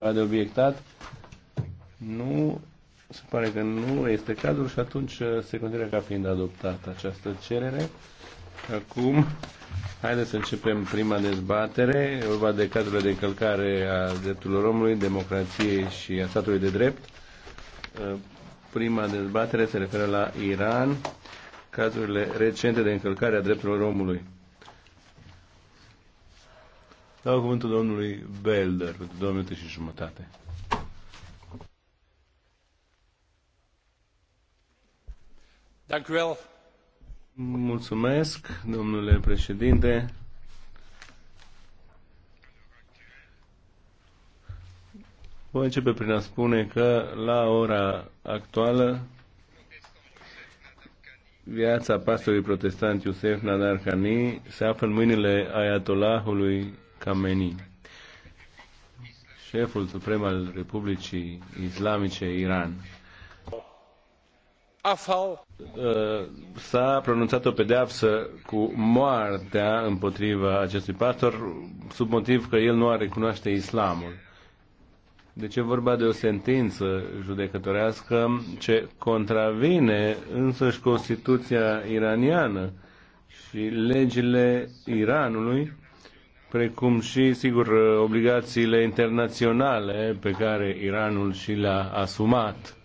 de obiectat, nu, se pare că nu este cazul și atunci uh, se consideră ca fiind adoptată această cerere. Acum, haideți să începem prima dezbatere, vorba de cazurile de încălcare a drepturilor omului, democrației și a statului de drept. Uh, prima dezbatere se referă la Iran, cazurile recente de încălcare a drepturilor omului. Dau cuvântul domnului Belder pentru două minute și jumătate. Mulțumesc, domnule președinte. Voi începe prin a spune că la ora actuală viața pastorului protestant Iosef Nadar Khani se află în mâinile Ayatollahului Khamenei, șeful suprem al Republicii Islamice Iran. Uh, s-a pronunțat o pedeapsă cu moartea împotriva acestui pastor sub motiv că el nu a recunoaște islamul. Deci e vorba de o sentință judecătorească ce contravine însăși Constituția iraniană și legile Iranului precum și, sigur, obligațiile internaționale pe care Iranul și le-a asumat,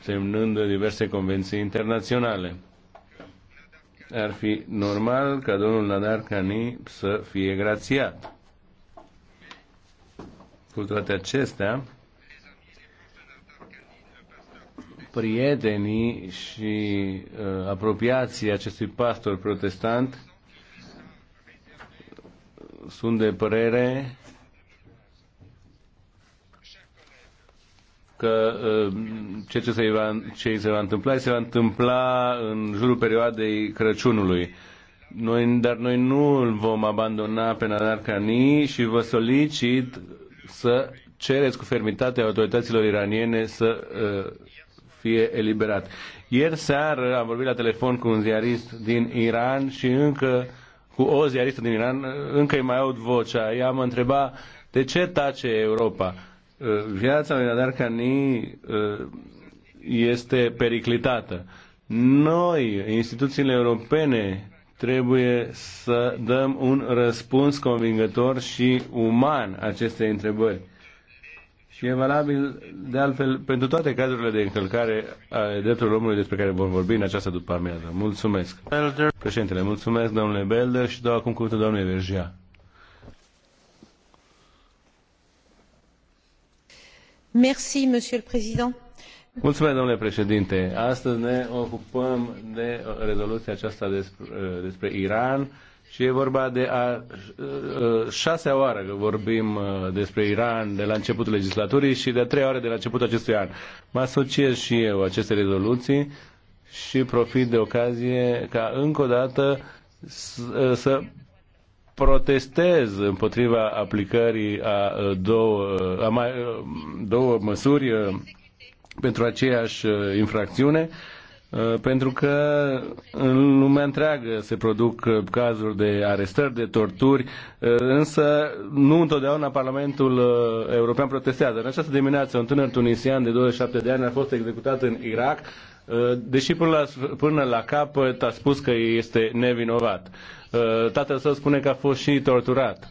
semnând diverse convenții internaționale. Ar fi normal ca domnul Nadar Cani să fie grațiat. Cu toate acestea, prietenii și uh, apropiații acestui pastor protestant sunt de părere că uh, ceea ce se va, ce se va întâmpla se va întâmpla în jurul perioadei Crăciunului. Noi, dar noi nu îl vom abandona pe Nadar Cani și vă solicit să cereți cu fermitate autorităților iraniene să uh, fie eliberat. Ieri seară am vorbit la telefon cu un ziarist din Iran și încă uh, cu o ziaristă din Iran, încă îi mai aud vocea. Ea mă întreba de ce tace Europa. Uh, viața lui Nadar Cani uh, este periclitată. Noi, instituțiile europene, trebuie să dăm un răspuns convingător și uman acestei întrebări și e valabil de altfel pentru toate cazurile de încălcare a drepturilor omului despre care vom vorbi în această după amiază. Mulțumesc. Belder. Președintele, mulțumesc domnule Belder și dau acum cuvântul domnului Vergea. Merci, monsieur le président. Mulțumesc, domnule președinte. Astăzi ne ocupăm de rezoluția aceasta despre, despre Iran și e vorba de a uh, uh, șasea oară că vorbim uh, despre Iran de la începutul legislaturii și de a treia oară de la începutul acestui an. Mă asociez și eu aceste rezoluții și profit de ocazie ca încă o dată să protestez împotriva aplicării a două, a mai, două măsuri pentru aceeași infracțiune Uh, pentru că în lumea întreagă se produc uh, cazuri de arestări, de torturi, uh, însă nu întotdeauna Parlamentul European protestează. În această dimineață, un tânăr tunisian de 27 de ani a fost executat în Irak, deși până la, până la capăt a spus că este nevinovat. Tatăl său spune că a fost și torturat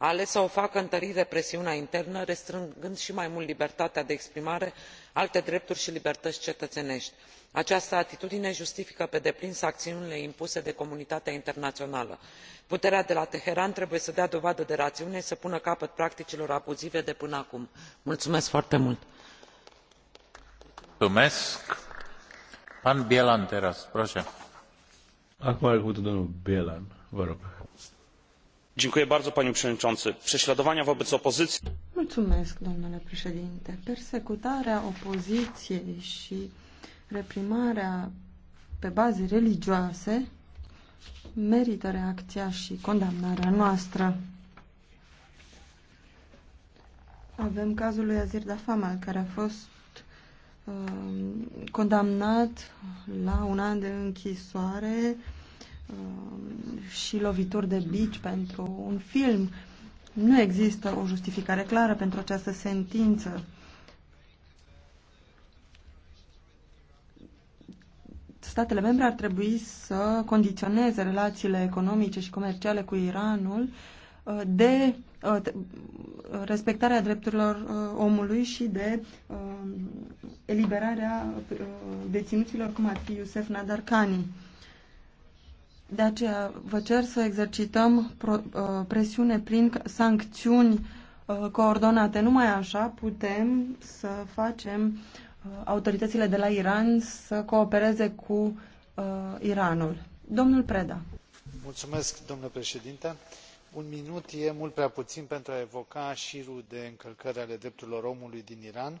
a ales să o facă întărind represiunea internă restrângând i mai mult libertatea de exprimare alte drepturi i libertăi cetăeneti. această atitudine justifică pe deplin sanciunile impuse de comunitatea internaională. puterea de la teheran trebuie să dea dovadă de raiune i să pună capăt practicilor abuzive de până acum. foarte mult! Acum Bielan, prześladowania wobec opozycji persecutarea opoziției și reprimarea pe baze religioase merită reacția și condamnarea noastră. Avem cazul lui Azir Dafamal, care a fost uh, condamnat la un an de închisoare uh, Um, și lovituri de bici pentru un film. Nu există o justificare clară pentru această sentință. Statele membre ar trebui să condiționeze relațiile economice și comerciale cu Iranul uh, de uh, respectarea drepturilor uh, omului și de um, eliberarea deținuților cum ar fi Iusef Nadarkani. De aceea vă cer să exercităm uh, presiune prin sancțiuni uh, coordonate. Numai așa putem să facem uh, autoritățile de la Iran să coopereze cu Iranul. Domnul Preda. Mulțumesc, domnule președinte. Un minut e mult prea puțin pentru a evoca șirul de încălcări ale drepturilor omului din Iran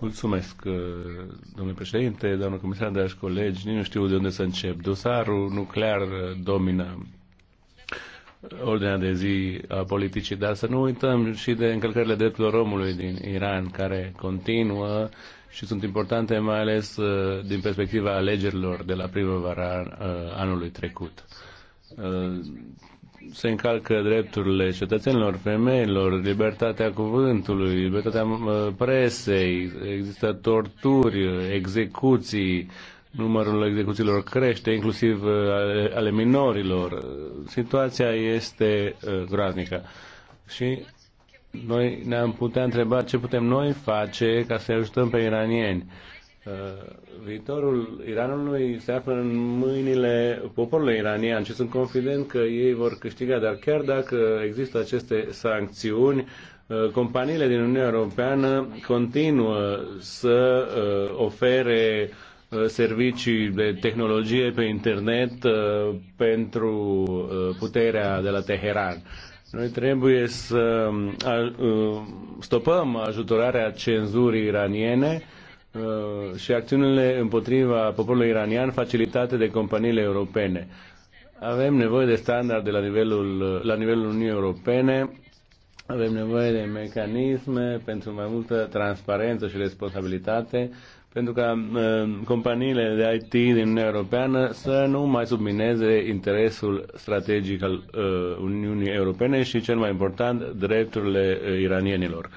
Mulțumesc, uh, domnule președinte, doamnă comisar, dragi colegi, nici nu știu de unde să încep. Dosarul nuclear uh, domină ordinea de zi a politicii, dar să nu uităm și de încălcările drepturilor omului din Iran, care continuă și sunt importante mai ales uh, din perspectiva alegerilor de la primăvara anului trecut se încalcă drepturile cetățenilor, femeilor, libertatea cuvântului, libertatea presei, există torturi, execuții, numărul execuțiilor crește, inclusiv uh, ale, minorilor. Situația este uh, groaznică. Și noi ne-am putea întreba ce putem noi face ca să ajutăm pe iranieni Uh, viitorul Iranului se află în mâinile poporului iranian și sunt confident că ei vor câștiga, dar chiar dacă există aceste sancțiuni, uh, companiile din Uniunea Europeană continuă să uh, ofere servicii de tehnologie pe internet pentru puterea de la Teheran. Noi trebuie să stopăm ajutorarea cenzurii iraniene Uh, și acțiunile împotriva poporului iranian facilitate de companiile europene. Avem nevoie de standarde la nivelul, uh, la nivelul Uniunii Europene, avem nevoie de mecanisme pentru mai multă transparență și responsabilitate, pentru ca uh, companiile de IT din Uniunea Europeană să nu mai submineze interesul strategic al uh, Uniunii Europene și, cel mai important, drepturile uh, iranienilor.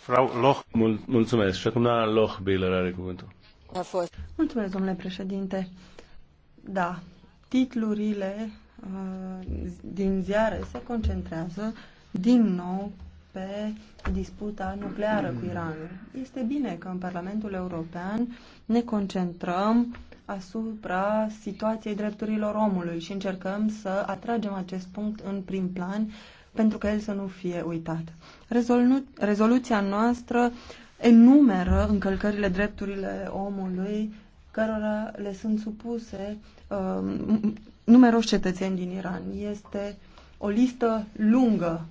Frau Loch. Mul- mulțumesc. Și acum Loch Lochbiller are cuvântul. A fost. Mulțumesc, domnule președinte. Da, titlurile uh, din ziare se concentrează din nou pe disputa nucleară cu Iranul. Este bine că în Parlamentul European ne concentrăm asupra situației drepturilor omului și încercăm să atragem acest punct în prim plan pentru că el să nu fie uitat. Rezolu- rezoluția noastră enumeră încălcările drepturile omului cărora le sunt supuse uh, numeroși cetățeni din Iran. Este o listă lungă.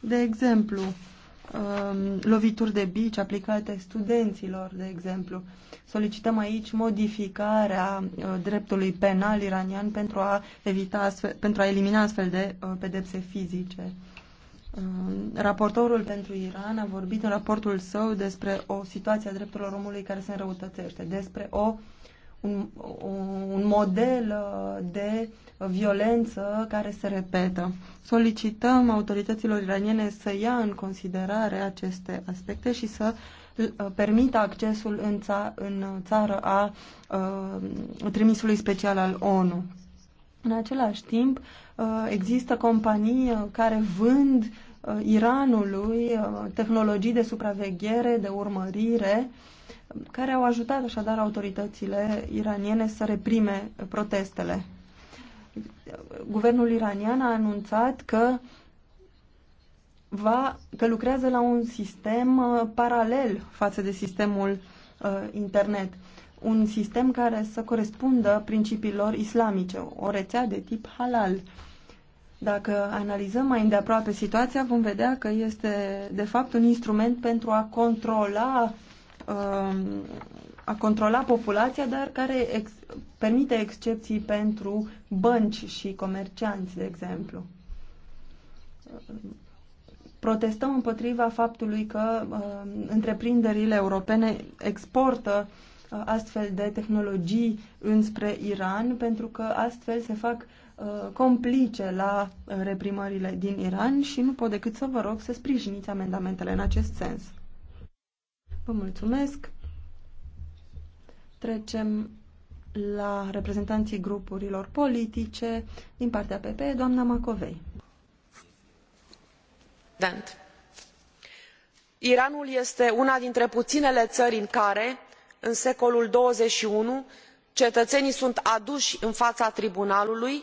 De exemplu, Um, lovituri de bici aplicate studenților, de exemplu. Solicităm aici modificarea uh, dreptului penal iranian pentru a, evita astfel, pentru a elimina astfel de uh, pedepse fizice. Um, raportorul pentru Iran a vorbit în raportul său despre o situație a drepturilor omului care se înrăutățește, despre o uh, un, un model uh, de violență care se repetă. Solicităm autorităților iraniene să ia în considerare aceste aspecte și să uh, permită accesul în, ța în țară a, a uh, trimisului special al ONU. În același timp, există companii care vând Uh, Iranului uh, tehnologii de supraveghere, de urmărire, care au ajutat așadar autoritățile iraniene să reprime protestele. Guvernul iranian a anunțat că va, că lucrează la un sistem uh, paralel față de sistemul uh, internet. Un sistem care să corespundă principiilor islamice, o rețea de tip halal. Uh, dacă analizăm mai îndeaproape situația, vom vedea că este, de fapt, un instrument pentru a controla, um, a controla populația, dar care ex permite excepții pentru bănci și comercianți, de exemplu. Protestăm împotriva faptului că um, întreprinderile europene exportă uh, astfel de tehnologii înspre Iran, pentru că astfel se fac uh, Uh, complice la uh, reprimările din Iran și nu pot decât să vă rog să sprijiniți amendamentele în acest sens. Vă mulțumesc. Trecem la reprezentanții grupurilor politice din partea PP, doamna Macovei. Dant. Iranul este una dintre puținele țări în care, în secolul 21, cetățenii sunt aduși în fața tribunalului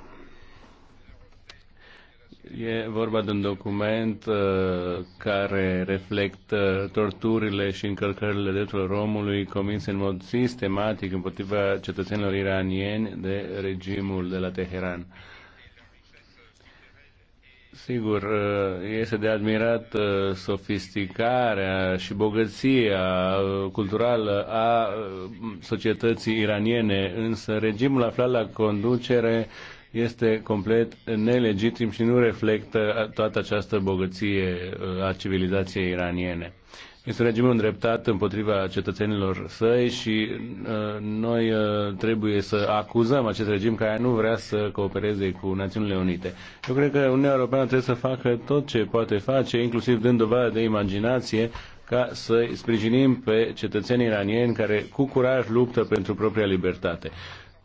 E vorba de un document uh, care reflectă torturile și încălcările drepturilor omului comise în mod sistematic împotriva cetățenilor iranieni de regimul de la Teheran. Sigur, uh, este de admirat uh, sofisticarea și bogăția culturală a uh, societății iraniene, însă regimul aflat la conducere este complet nelegitim și nu reflectă toată această bogăție uh, a civilizației iraniene. Este un regim îndreptat împotriva cetățenilor săi și uh, noi uh, trebuie să acuzăm acest regim care nu vrea să coopereze cu Națiunile Unite. Eu cred că Uniunea Europeană trebuie să facă tot ce poate face, inclusiv dând dovadă de imaginație, ca să sprijinim pe cetățenii iranieni care cu curaj luptă pentru propria libertate.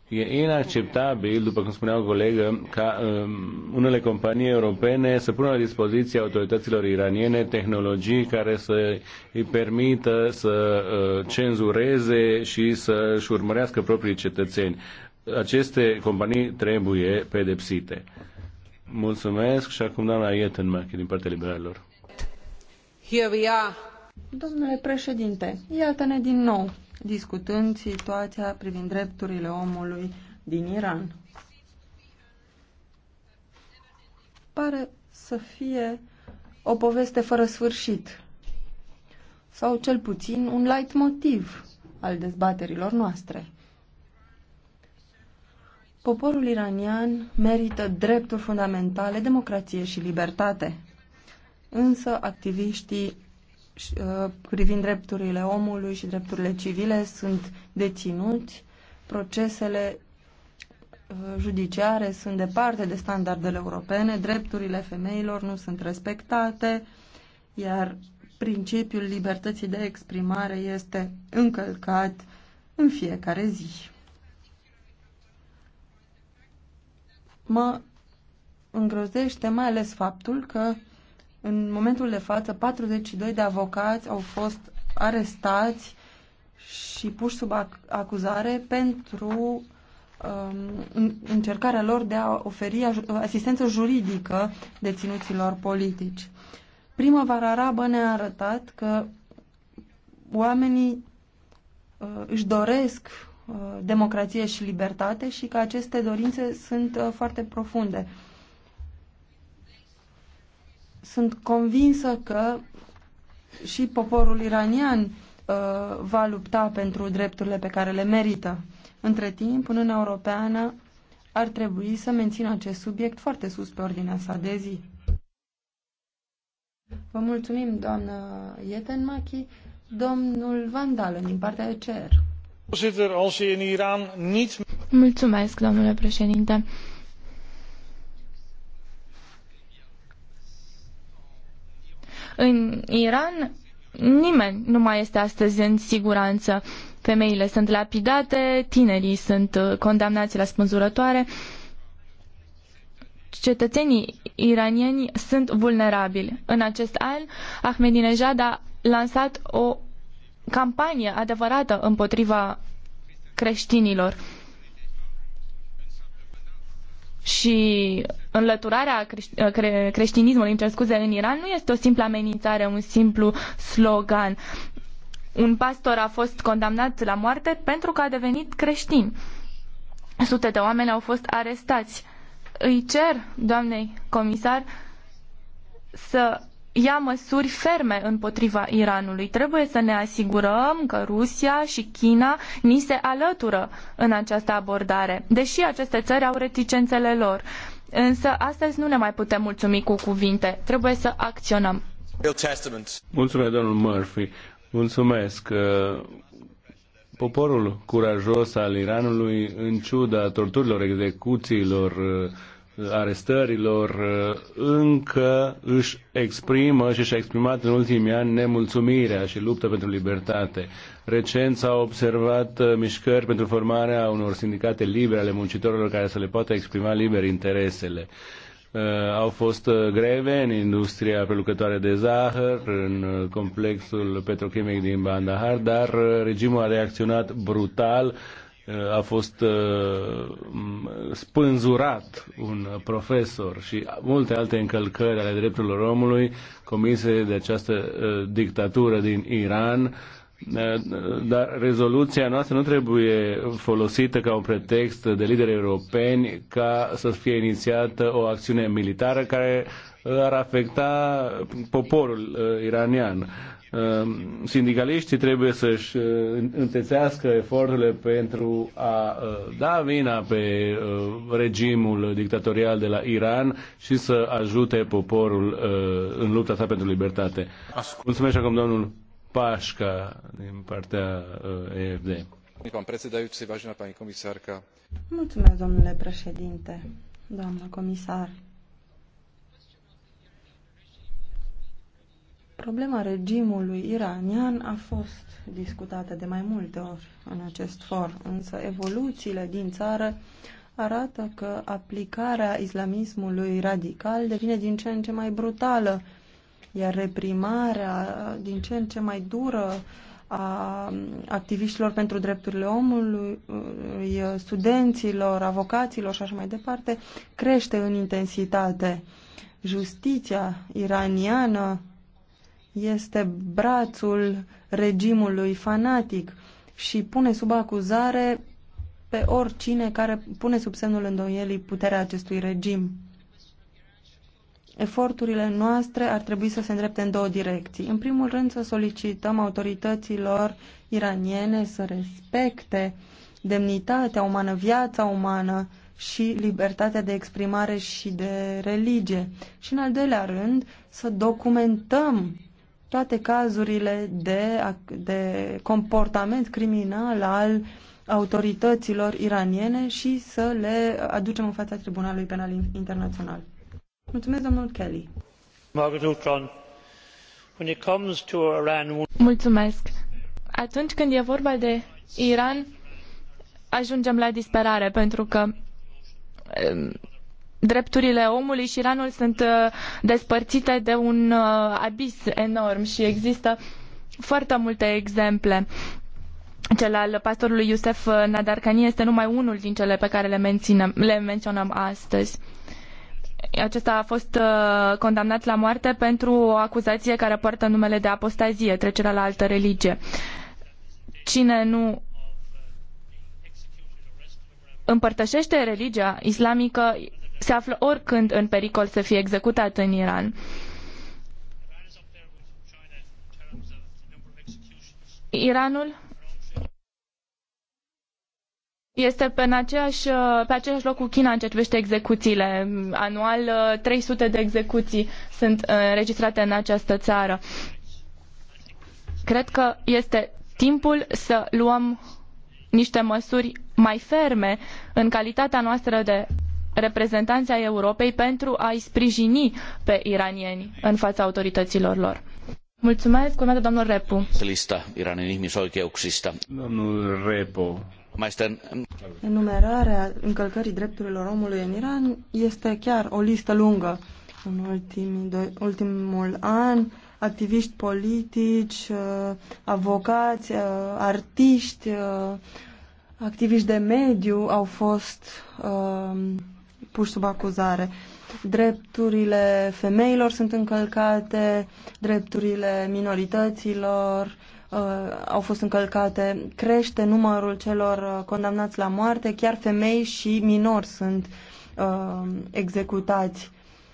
E inacceptabil, după cum spunea o colegă, ca um, unele companii europene să pună la dispoziție autorităților iraniene tehnologii care să îi permită să uh, cenzureze și să-și urmărească proprii cetățeni. Aceste companii trebuie pedepsite. Mulțumesc și acum doamna Ietenmache din partea liberalilor. Here we are. Domnule președinte, iată-ne din nou discutând situația privind drepturile omului din Iran. Pare să fie o poveste fără sfârșit sau cel puțin un light motiv al dezbaterilor noastre. Poporul iranian merită drepturi fundamentale, democrație și libertate. Însă activiștii Uh, privind drepturile omului și drepturile civile sunt deținuți, procesele uh, judiciare sunt departe de standardele europene, drepturile femeilor nu sunt respectate, iar principiul libertății de exprimare este încălcat în fiecare zi. Mă îngrozește mai ales faptul că în momentul de față, 42 de avocați au fost arestați și puși sub acuzare pentru um, încercarea lor de a oferi asistență juridică deținuților politici. Primăvara arabă ne-a arătat că oamenii uh, își doresc uh, democrație și libertate și că aceste dorințe sunt uh, foarte profunde. Uh, sunt convinsă că și poporul iranian uh, va lupta pentru drepturile pe care le merită. Între timp, Uniunea Europeană ar trebui să mențină acest subiect foarte sus pe ordinea sa de zi. Vă mulțumim, doamnă Ietenmachi. Domnul Vandal, din partea CER. Mulțumesc, domnule președinte. În Iran nimeni nu mai este astăzi în siguranță. Femeile sunt lapidate, tinerii sunt uh, condamnați la spânzurătoare. Cetățenii iranieni sunt vulnerabili. În acest an, Ahmadinejad a lansat o campanie adevărată împotriva creștinilor și înlăturarea uh, creștinismului, îmi cer scuze, în Iran nu este o simplă amenințare, un simplu slogan. Un pastor a fost condamnat la moarte pentru că a devenit creștin. Sute de oameni au fost arestați. Îi cer, doamnei comisar, să ia măsuri ferme împotriva Iranului. Trebuie să ne asigurăm că Rusia și China ni se alătură în această abordare, deși aceste țări au reticențele lor. Însă astăzi nu ne mai putem mulțumi cu cuvinte, trebuie să acționăm. Mulțumesc, domnul Murphy. Mulțumesc. Uh, poporul curajos al Iranului, în ciuda torturilor, execuțiilor, uh, arestărilor uh, încă își exprimă și și-a exprimat în ultimii ani nemulțumirea și luptă pentru libertate. Recent s-au observat uh, mișcări pentru formarea unor sindicate libere ale muncitorilor care să le poată exprima liber interesele. Uh, au fost greve în industria prelucătoare de zahăr, în complexul petrochimic din Bandahar, dar regimul a reacționat brutal a fost uh, spânzurat un profesor și multe alte încălcări ale drepturilor omului comise de această uh, dictatură din Iran. Uh, dar rezoluția noastră nu trebuie folosită ca un pretext de lideri europeni ca să fie inițiată o acțiune militară care ar afecta poporul iranian. Um, sindicaliștii trebuie să-și uh, întețească eforturile pentru a uh, da vina pe uh, regimul dictatorial de la Iran și să ajute poporul în lupta sa pentru libertate. Mulțumesc acum domnul Pașca din partea EFD. Mulțumesc, domnule președinte, doamnă comisar. Problema regimului iranian a fost discutată de mai multe ori în acest for, însă evoluțiile din țară arată că aplicarea islamismului radical devine din ce în ce mai brutală, iar reprimarea din ce în ce mai dură a activiștilor pentru drepturile omului, studenților, avocaților și așa mai departe, crește în intensitate. Justiția iraniană este brațul regimului fanatic și pune sub acuzare pe oricine care pune sub semnul îndoielii puterea acestui regim. Eforturile noastre ar trebui să se îndrepte în două direcții. În primul rând să solicităm autorităților iraniene să respecte demnitatea umană, viața umană și libertatea de exprimare și de religie. Și în al doilea rând să documentăm toate cazurile de, de comportament criminal al autorităților iraniene și să le aducem în fața Tribunalului Penal Internațional. Mulțumesc, domnul Kelly. Mulțumesc. Atunci când e vorba de Iran, ajungem la disperare pentru că um, drepturile omului și Iranul sunt uh, despărțite de un uh, abis enorm și există foarte multe exemple. Cel al pastorului Iusef uh, Nadarcani este numai unul din cele pe care le, menținem, le menționăm astăzi. Acesta a fost condamnat la moarte pentru o acuzație care poartă numele de apostazie, trecerea la altă religie. Cine nu împărtășește religia islamică se află oricând în pericol să fie executat în Iran. Iranul este pe, aceeași, pe același loc cu China în ceea ce privește execuțiile. Anual 300 de execuții sunt înregistrate în această țară. Cred că este timpul să luăm niște măsuri mai ferme în calitatea noastră de reprezentanții ai Europei pentru a-i sprijini pe iranieni în fața autorităților lor. Mulțumesc, urmează domnul Repu. Lista Iranin ihmisoikeuksista. Domnul Repu. Enumerarea încălcării drepturilor omului în Iran este chiar o listă lungă. În ultimii doi, ultimul an, activiști politici, uh, avocați, uh, artiști, uh, activiști de mediu au fost uh, puși sub acuzare. Drepturile femeilor sunt încălcate, drepturile minorităților uh, au fost încălcate, crește numărul celor uh, condamnați la moarte, chiar femei și minori sunt uh, executați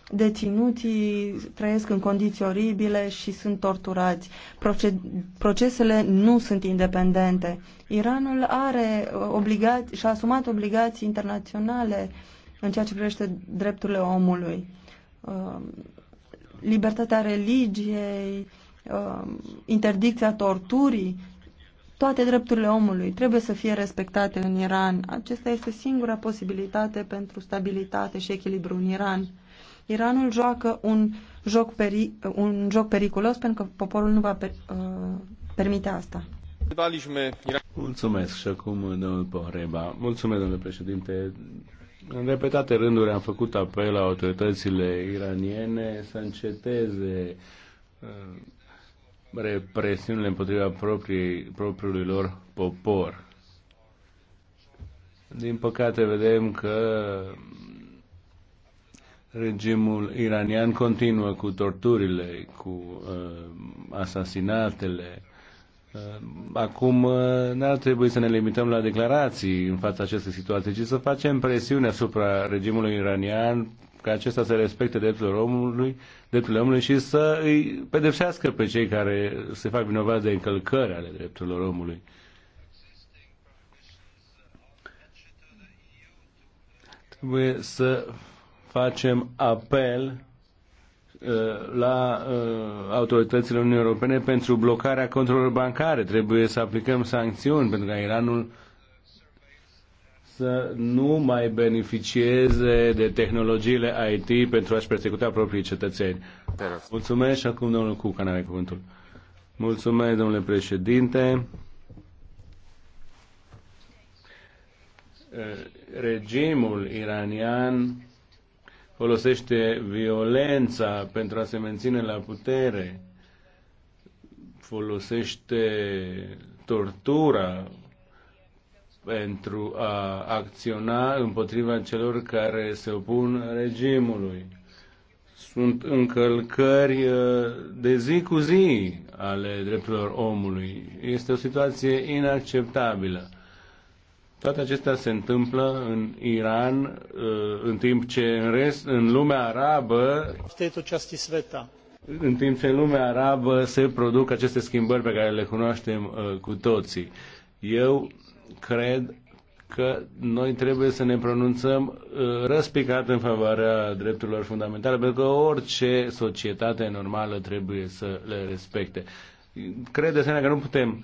deținuții trăiesc în condiții oribile și sunt torturați. Proce procesele nu sunt independente. Iranul are uh, obligații și-a asumat obligații internaționale în ceea ce privește drepturile omului. Um, libertatea religiei, um, interdicția torturii, toate drepturile omului trebuie să fie respectate în Iran. Acesta este singura posibilitate pentru stabilitate și echilibru în Iran. Iranul joacă un joc, peri, un joc periculos pentru că poporul nu va per, uh, permite asta. Mulțumesc și acum domnul Pohreba. Mulțumesc, domnule președinte. În repetate rânduri am făcut apel la autoritățile iraniene să înceteze uh, represiunile împotriva proprii, propriului lor popor. Din păcate vedem că regimul iranian continuă cu torturile, cu uh, asasinatele, Ehm, acum eh, n-ar trebui să ne limităm la declarații în fața acestei situații, ci să facem presiune asupra regimului iranian ca acesta să respecte drepturile omului, drepturile omului și să îi pedepsească pe cei care se fac vinovați de încălcări ale drepturilor omului. Trebuie să facem apel Uh, la uh, autoritățile Uniunii Europene pentru blocarea controlelor bancare. Trebuie să aplicăm sancțiuni pentru ca Iranul să nu mai beneficieze de tehnologiile IT pentru a-și persecuta proprii cetățeni. Mulțumesc și acum domnul Cucan are cuvântul. Mulțumesc, domnule președinte. Uh, regimul iranian folosește violența pentru a se menține la putere, folosește tortura pentru a acționa împotriva celor care se opun regimului. Sunt încălcări uh, de zi cu zi ale drepturilor omului. Este o situație inacceptabilă. Toate acestea se întâmplă în Iran, uh, în timp ce în rest, în lumea arabă, în timp ce în lumea arabă se produc aceste schimbări pe care le cunoaștem uh, cu toții. Eu cred că noi trebuie să ne pronunțăm uh, răspicat în favoarea drepturilor fundamentale, pentru că orice societate normală trebuie să le respecte. Cred de asemenea că nu putem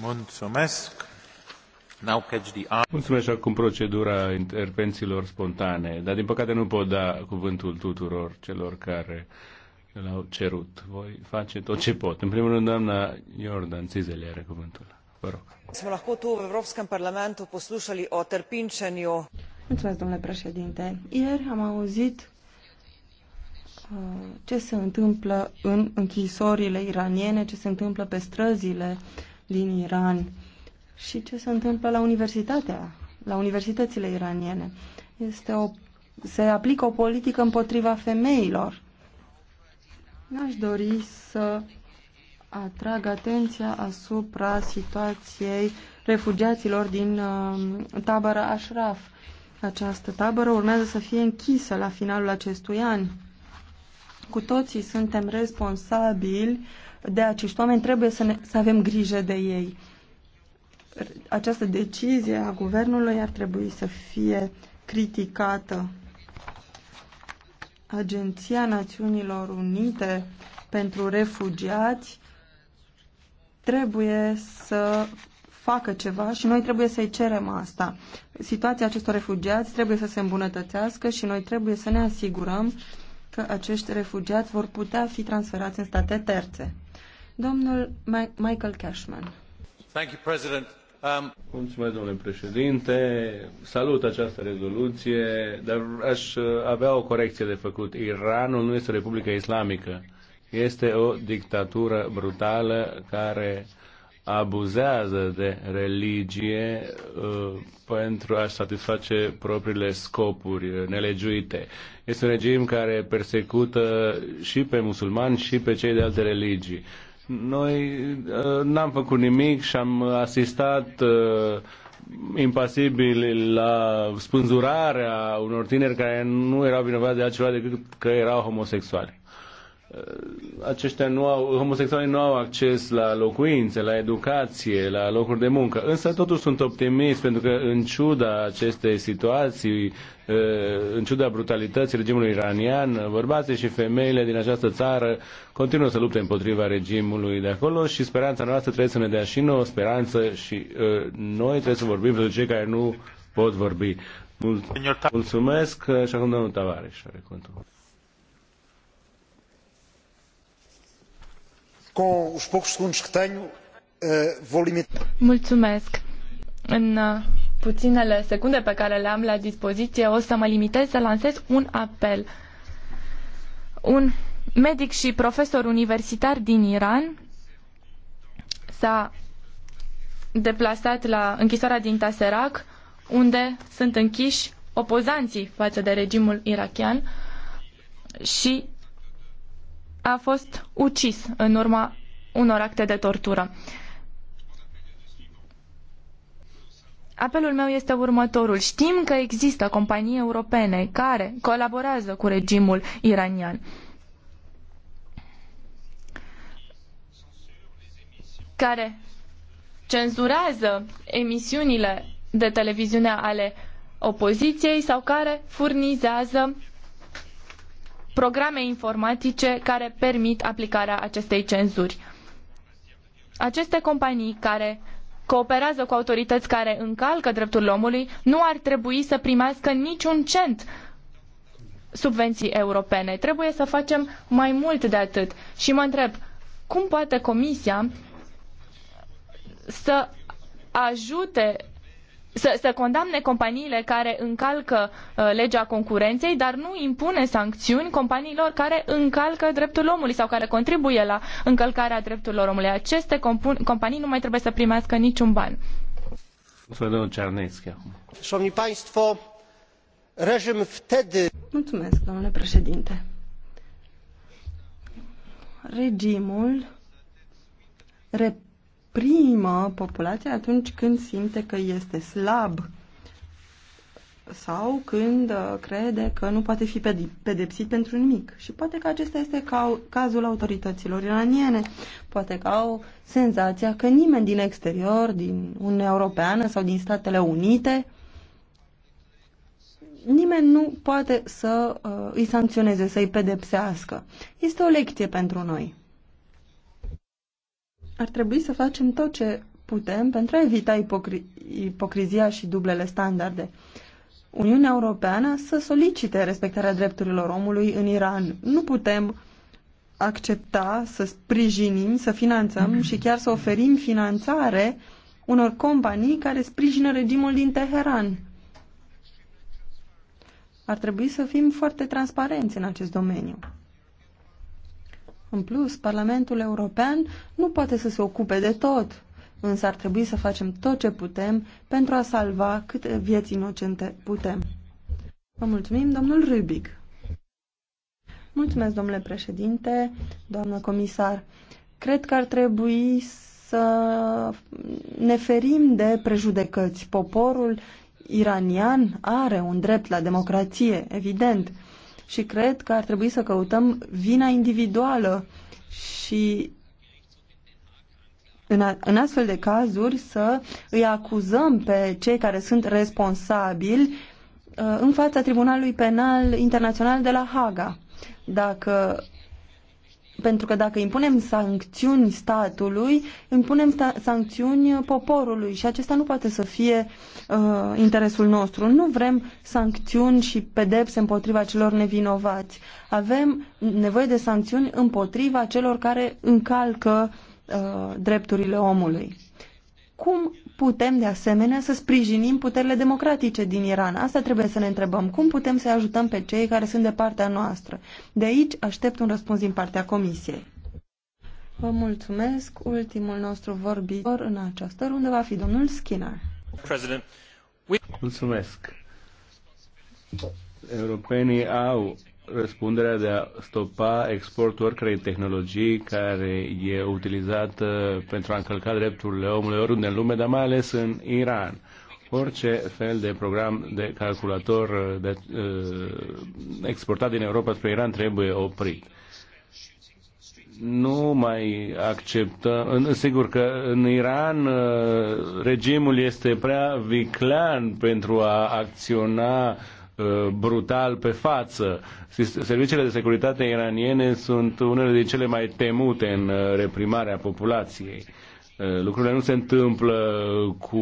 Mulțumesc. Now catch the acum procedura intervențiilor spontane, dar din păcate nu pot da cuvântul tuturor celor care l-au cerut. Voi face tot ce pot. În primul rând, doamna Jordan Țizele are cuvântul. Vă rog. Mulțumesc, domnule președinte. Ieri am auzit uh, ce se întâmplă în închisorile iraniene, ce se întâmplă pe străzile din Iran și ce se întâmplă la universitatea, la universitățile iraniene. Este o, se aplică o politică împotriva femeilor. N-aș dori să atrag atenția asupra situației refugiaților din uh, um, tabără Ashraf. Această tabără urmează să fie închisă la finalul acestui an. Cu toții suntem responsabili de acești oameni, trebuie să, ne, să avem grijă de ei. Această decizie a guvernului ar trebui să fie criticată. Agenția Națiunilor Unite pentru Refugiați trebuie să facă ceva și noi trebuie să-i cerem asta. Situația acestor refugiați trebuie să se îmbunătățească și noi trebuie să ne asigurăm că acești refugiați vor putea fi transferați în state terțe. Domnul Michael Cashman. Um, Mulțumesc, domnule președinte. Salut această rezoluție, dar aș uh, avea o corecție de făcut. Iranul nu este o Republică Islamică. Este o dictatură brutală care abuzează de religie uh, pentru a-și satisface propriile scopuri uh, nelegiuite. Este un regim care persecută și pe musulmani și pe cei de alte religii. Uh, noi uh, n-am făcut nimic și am asistat uh, impasibil la spânzurarea unor tineri care nu erau vinovați de altceva decât că erau homosexuali. Uh, aceștia nu au, homosexualii nu au acces la locuințe, la educație, la locuri de muncă. Însă totuși sunt optimist pentru că în ciuda acestei situații, uh, în ciuda brutalității regimului iranian, bărbații și femeile din această țară continuă să lupte împotriva regimului de acolo și speranța noastră trebuie să ne dea și nouă speranță și uh, noi trebuie să vorbim pentru cei care nu pot vorbi. Mulțumesc și acum domnul Tavares are contul. Com os poucos segundos que tenho, eh, vou limitar. Mulțumesc. În uh, puținele secunde pe care le am la dispoziție, o să mă limitez să lansez un apel. Un medic și profesor universitar din Iran s-a deplasat la închisoarea din Taserac, unde sunt închiși opozanții față de regimul irachian și a fost ucis în urma unor acte de tortură. Apelul meu este următorul. Știm că există companii europene care colaborează cu regimul iranian. care cenzurează emisiunile de televiziune ale opoziției sau care furnizează programe informatice care permit aplicarea acestei cenzuri. Aceste companii care cooperează cu autorități care încalcă drepturile omului nu ar trebui să primească niciun cent subvenții europene. Trebuie să facem mai mult de atât. Și mă întreb, cum poate Comisia să ajute să, să condamne companiile care încalcă uh, legea concurenței, dar nu impune sancțiuni companiilor care încalcă dreptul omului sau care contribuie la încălcarea drepturilor omului. Aceste companii nu mai trebuie să primească niciun ban. Mulțumesc, domnule președinte. Regimul rep- oprimă populația atunci când simte că este slab sau când uh, crede că nu poate fi pedepsit pentru nimic. Și poate că acesta este ca, cazul autorităților iraniene. Poate că au senzația că nimeni din exterior, din Uniunea Europeană sau din Statele Unite, nimeni nu poate să uh, îi sancționeze, să îi pedepsească. Este o lecție pentru noi. Ar trebui să facem tot ce putem pentru a evita ipocri ipocrizia și dublele standarde. Uniunea Europeană să solicite respectarea drepturilor omului în Iran. Nu putem accepta să sprijinim, să finanțăm mm-hmm. și chiar să oferim finanțare unor companii care sprijină regimul din Teheran. Ar trebui să fim foarte transparenți în acest domeniu. În plus, Parlamentul European nu poate să se ocupe de tot, însă ar trebui să facem tot ce putem pentru a salva câte vieți inocente putem. Vă mulțumim, domnul Rubic. Mulțumesc, domnule președinte, doamnă comisar. Cred că ar trebui să ne ferim de prejudecăți. Poporul iranian are un drept la democrație, evident și cred că ar trebui să căutăm vina individuală și în, a, în astfel de cazuri să îi acuzăm pe cei care sunt responsabili uh, în fața Tribunalului Penal Internațional de la Haga. Dacă pentru că dacă impunem sancțiuni statului, impunem sta- sancțiuni poporului și acesta nu poate să fie uh, interesul nostru. Nu vrem sancțiuni și pedepse împotriva celor nevinovați. Avem nevoie de sancțiuni împotriva celor care încalcă uh, drepturile omului. Cum putem, de asemenea, să sprijinim puterile democratice din Iran? Asta trebuie să ne întrebăm. Cum putem să ajutăm pe cei care sunt de partea noastră? De aici aștept un răspuns din partea Comisiei. Vă mulțumesc. Ultimul nostru vorbitor în această rundă va fi domnul Skinner. President, Mulțumesc. Europenii au răspunderea de a stopa exportul oricărei tehnologii care e utilizată pentru a încălca drepturile omului oriunde în lume, dar mai ales în Iran. Orice fel de program de calculator de, uh, exportat din Europa spre Iran trebuie oprit nu mai acceptăm. Sigur că în Iran uh, regimul este prea viclean pentru a acționa Uh, brutal pe față. Serviciile de securitate iraniene sunt unele din cele mai temute în uh, reprimarea populației. Uh, lucrurile nu se întâmplă cu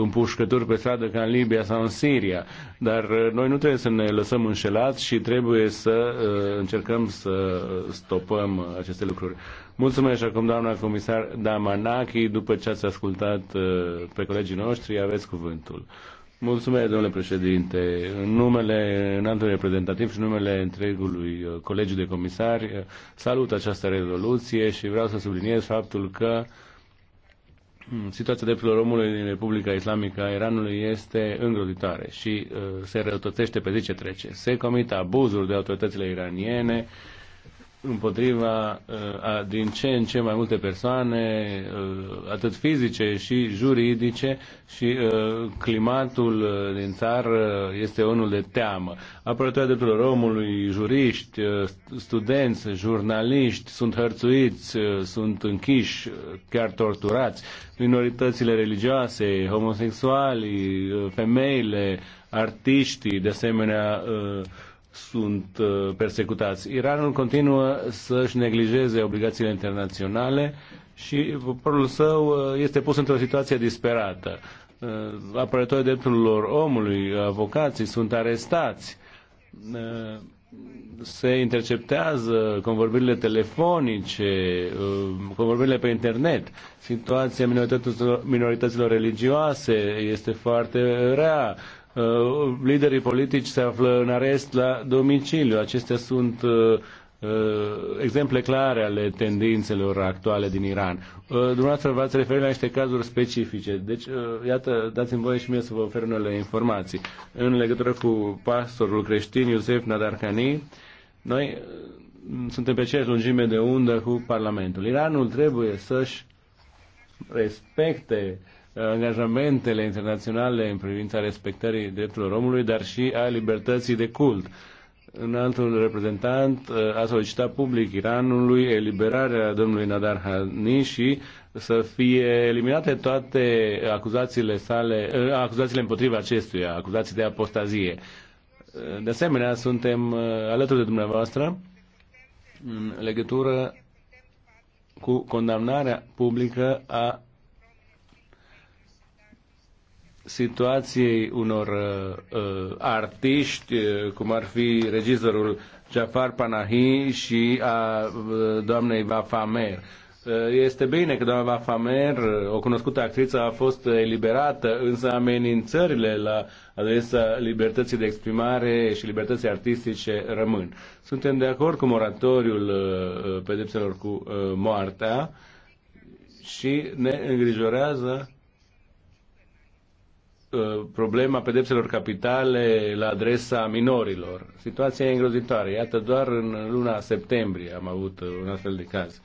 împușcături pe stradă ca în Libia sau în Siria, dar noi nu trebuie să ne lăsăm înșelați și trebuie să încercăm să stopăm aceste lucruri. Mulțumesc acum, doamna comisar Damanaki, după ce ați ascultat pe colegii noștri, aveți cuvântul. Mulțumesc, domnule președinte. În numele înaltului reprezentativ și numele întregului uh, colegiu de comisari, uh, salut această rezoluție și vreau să subliniez faptul că mm, situația drepturilor omului din Republica Islamică a Iranului este îngrozitoare și uh, se răutățește pe zi ce trece. Se comit abuzuri de autoritățile iraniene, uh, împotriva uh, a din ce în ce mai multe persoane, uh, atât fizice și juridice, și uh, climatul din țară este unul de teamă. Apărătoarea drepturilor omului, juriști, studenți, jurnaliști sunt hărțuiți, sunt închiși, chiar torturați. Minoritățile religioase, uh, femeile, artiștii, de asemenea, sunt uh, persecutați. Iranul continuă să-și neglijeze obligațiile internaționale și poporul său uh, este pus într-o situație disperată. Uh, apărătorii drepturilor omului, avocații sunt arestați, se interceptează convorbirile telefonice, convorbirile pe internet. Situația minorităților, religioase este foarte rea Uh, liderii politici se află în arest la domiciliu. Acestea sunt uh, uh, exemple clare ale tendințelor actuale din Iran. Dumneavoastră v-ați referit la niște cazuri specifice, deci iată, dați-mi voie și mie să vă ofer unele informații. În legătură cu pastorul creștin Iosef Nadarkhani, noi suntem pe aceeași lungime de undă cu Parlamentul. Iranul trebuie să-și respecte uh, angajamentele internaționale în privința respectării drepturilor omului, dar și a libertății de cult. În altul reprezentant uh, a solicitat public Iranului eliberarea domnului Nadar Hani și să fie eliminate toate acuzațiile sale, uh, acuzațiile împotriva acestuia, acuzații de apostazie. Uh, de asemenea, suntem alături de dumneavoastră în legătură cu condamnarea publică a situației unor uh, uh, artiști, uh, cum ar fi regizorul Jafar Panahi și a uh, doamnei Vafamer. Uh, este bine că doamna Vafamer, uh, o cunoscută actriță, a fost eliberată, însă amenințările la adresa libertății de exprimare și libertății artistice rămân. Suntem de acord cu moratoriul uh, pedepselor cu uh, moartea și ne îngrijorează Uh, problema pedepselor capitale la adresa minorilor. Situația e îngrozitoare. Iată, doar în luna septembrie am avut un astfel de caz.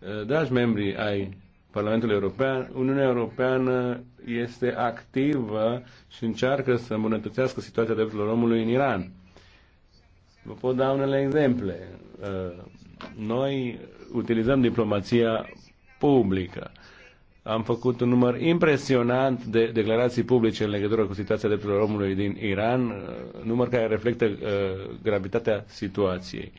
Uh, dragi membri ai Parlamentului European, Uniunea Europeană este activă și încearcă să îmbunătățească situația drepturilor omului în Iran. Vă pot da unele exemple. Uh, noi utilizăm diplomația publică am făcut un număr impresionant de declarații publice în legătură cu situația drepturilor omului din Iran, uh, număr care reflectă uh, gravitatea situației.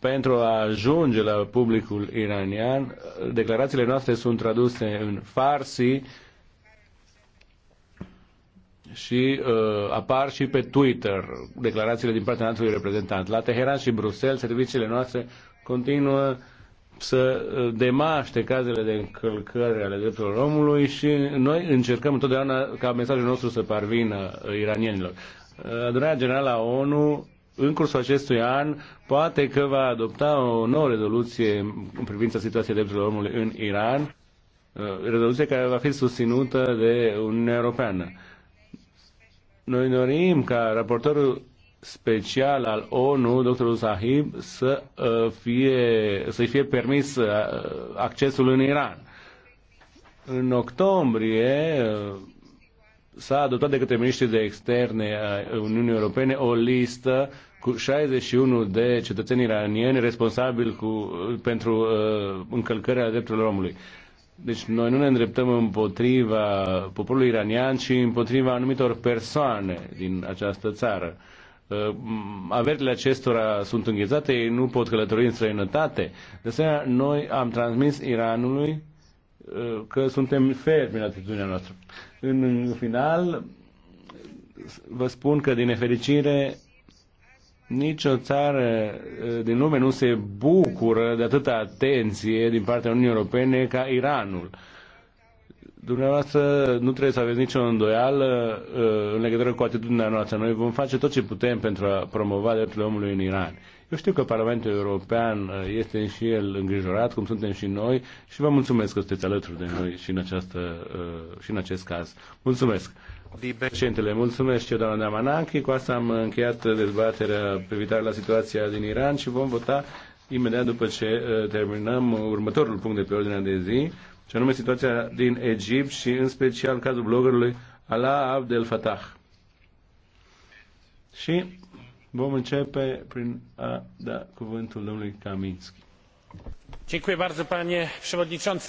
Pentru a ajunge la publicul iranian, uh, declarațiile noastre sunt traduse în farsi și uh, apar și pe Twitter declarațiile din partea înaltului reprezentant. La Teheran și Bruxelles, serviciile noastre continuă uh, să demaște cazele de încălcări ale drepturilor omului și noi încercăm întotdeauna ca mesajul nostru să parvină iranienilor. Adunarea Generală a ONU în cursul acestui an poate că va adopta o nouă rezoluție în privința situației drepturilor omului în Iran, rezoluție care va fi susținută de Uniunea Europeană. Noi dorim ca raportorul special al ONU, doctorul Sahib, să uh, fie, să-i fie permis uh, accesul în Iran. În octombrie uh, s-a adoptat de către miniștrii de externe a Uniunii Europene o listă cu 61 de cetățeni iranieni responsabili cu, pentru uh, încălcarea drepturilor omului. Deci noi nu ne îndreptăm împotriva poporului iranian, ci împotriva anumitor persoane din această țară. Uh, Uh, averile acestora sunt înghețate, ei nu pot călători în străinătate. De asemenea, noi am transmis Iranului uh, că suntem fermi în atitudinea noastră. În final, vă spun că, din nefericire, nicio țară uh, din lume nu se bucură de atâta atenție din partea Uniunii Europene ca Iranul dumneavoastră nu trebuie să aveți nicio îndoială uh, în legătură cu atitudinea noastră. Noi vom face tot ce putem pentru a promova drepturile omului în Iran. Eu știu că Parlamentul European uh, este și el îngrijorat, cum suntem și noi, și vă mulțumesc că sunteți alături de noi și în, această, uh, și în acest caz. Mulțumesc! Președintele, mulțumesc și eu, doamna Manachi. Cu asta am încheiat dezbaterea privitoare la situația din Iran și vom vota imediat după ce terminăm următorul punct de pe ordinea de zi și anume situația din Egipt și în special cazul bloggerului Ala Abdel Fatah. Și vom începe prin a da cuvântul domnului Kaminski. Dziękuję bardzo, panie przewodniczący.